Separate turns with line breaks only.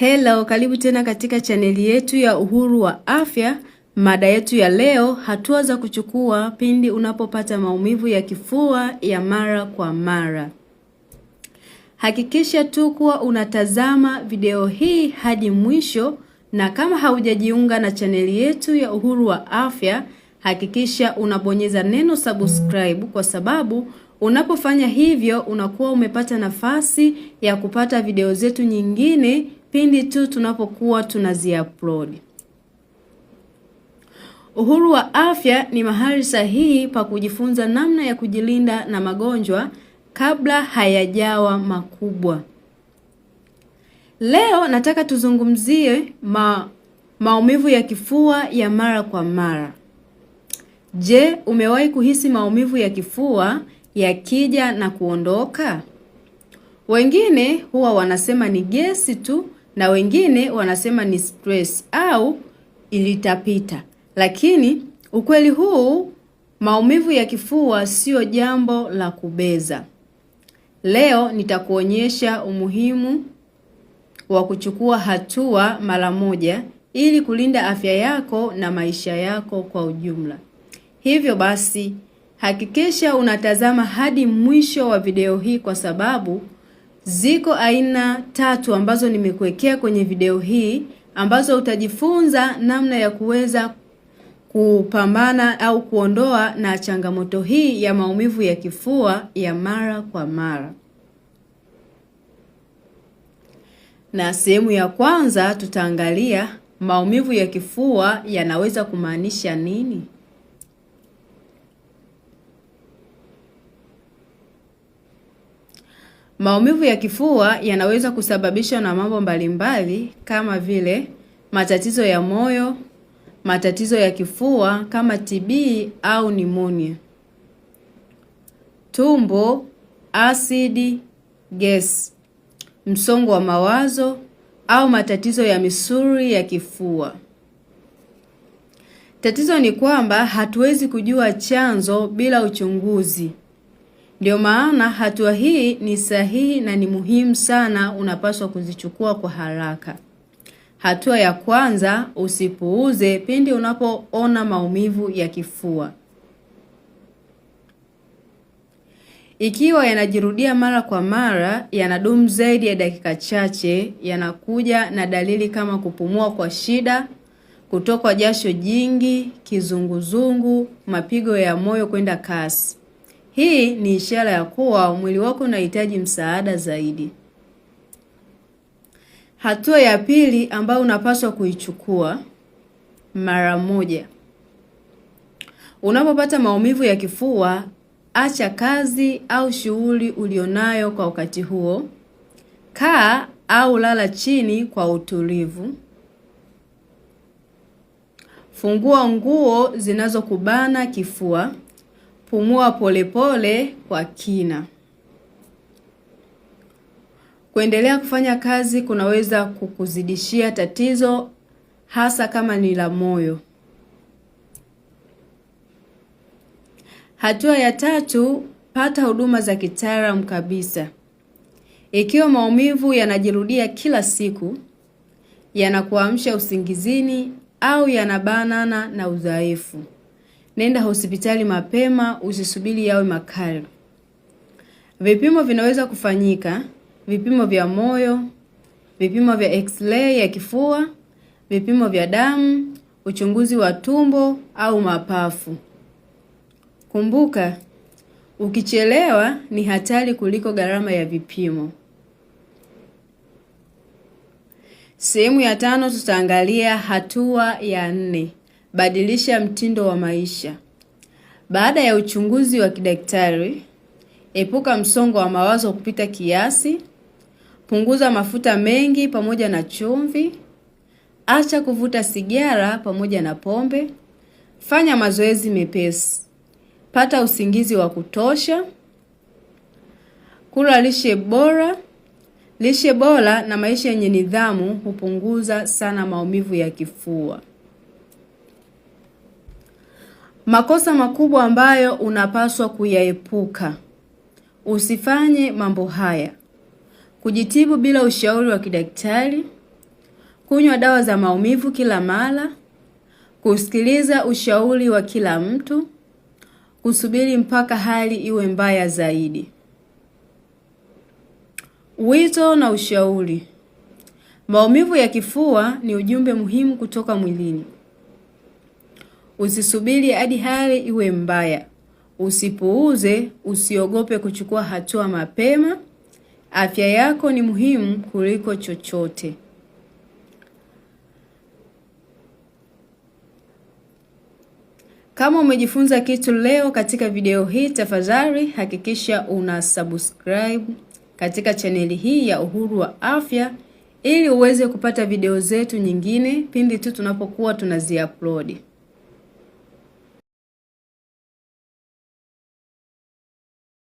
Hello, karibu tena katika chaneli yetu ya Uhuru wa Afya. Mada yetu ya leo, hatua za kuchukua pindi unapopata maumivu ya kifua ya mara kwa mara. Hakikisha tu kuwa unatazama video hii hadi mwisho, na kama haujajiunga na chaneli yetu ya Uhuru wa Afya, hakikisha unabonyeza neno subscribe kwa sababu unapofanya hivyo unakuwa umepata nafasi ya kupata video zetu nyingine pindi tu tunapokuwa tunaziupload. Uhuru wa Afya ni mahali sahihi pa kujifunza namna ya kujilinda na magonjwa kabla hayajawa makubwa. Leo nataka tuzungumzie ma, maumivu ya kifua ya mara kwa mara. Je, umewahi kuhisi maumivu ya kifua yakija na kuondoka? Wengine huwa wanasema ni gesi tu, na wengine wanasema ni stress au ilitapita, lakini ukweli huu, maumivu ya kifua sio jambo la kubeza. Leo nitakuonyesha umuhimu wa kuchukua hatua mara moja ili kulinda afya yako na maisha yako kwa ujumla. Hivyo basi, hakikisha unatazama hadi mwisho wa video hii kwa sababu Ziko aina tatu ambazo nimekuwekea kwenye video hii ambazo utajifunza namna ya kuweza kupambana au kuondoa na changamoto hii ya maumivu ya kifua ya mara kwa mara. Na sehemu ya kwanza tutaangalia maumivu ya kifua yanaweza kumaanisha nini? Maumivu ya kifua yanaweza kusababishwa na mambo mbalimbali kama vile matatizo ya moyo, matatizo ya kifua kama TB au nimonia, tumbo, asidi, gesi, msongo wa mawazo au matatizo ya misuli ya kifua. Tatizo ni kwamba hatuwezi kujua chanzo bila uchunguzi. Ndio maana hatua hii ni sahihi na ni muhimu sana, unapaswa kuzichukua kwa haraka. Hatua ya kwanza, usipuuze pindi unapoona maumivu ya kifua. Ikiwa yanajirudia mara kwa mara, yanadumu zaidi ya dakika chache, yanakuja na dalili kama kupumua kwa shida, kutokwa jasho jingi, kizunguzungu, mapigo ya moyo kwenda kasi. Hii ni ishara ya kuwa mwili wako unahitaji msaada zaidi. Hatua ya pili ambayo unapaswa kuichukua mara moja. Unapopata maumivu ya kifua, acha kazi au shughuli ulionayo kwa wakati huo. Kaa au lala chini kwa utulivu. Fungua nguo zinazokubana kifua Pumua polepole kwa kina. Kuendelea kufanya kazi kunaweza kukuzidishia tatizo hasa kama ni la moyo. Hatua ya tatu, pata huduma za kitaalamu kabisa. Ikiwa maumivu yanajirudia kila siku, yanakuamsha usingizini au yanabanana na udhaifu Nenda hospitali mapema, usisubiri yawe makali. Vipimo vinaweza kufanyika: vipimo vya moyo, vipimo vya x-ray ya kifua, vipimo vya damu, uchunguzi wa tumbo au mapafu. Kumbuka, ukichelewa ni hatari kuliko gharama ya vipimo. Sehemu ya tano tutaangalia hatua ya nne. Badilisha mtindo wa maisha. Baada ya uchunguzi wa kidaktari, epuka msongo wa mawazo kupita kiasi, punguza mafuta mengi pamoja na chumvi, acha kuvuta sigara pamoja na pombe, fanya mazoezi mepesi, pata usingizi wa kutosha, kula lishe bora. Lishe bora na maisha yenye nidhamu hupunguza sana maumivu ya kifua. Makosa makubwa ambayo unapaswa kuyaepuka. Usifanye mambo haya: kujitibu bila ushauri wa kidaktari, kunywa dawa za maumivu kila mara, kusikiliza ushauri wa kila mtu, kusubiri mpaka hali iwe mbaya zaidi. Wito na ushauri. Maumivu ya kifua ni ujumbe muhimu kutoka mwilini. Usisubiri hadi hali iwe mbaya, usipuuze, usiogope kuchukua hatua mapema. Afya yako ni muhimu kuliko chochote. Kama umejifunza kitu leo katika video hii, tafadhali hakikisha una subscribe katika chaneli hii ya Uhuru wa Afya ili uweze kupata video zetu nyingine pindi tu tunapokuwa upload.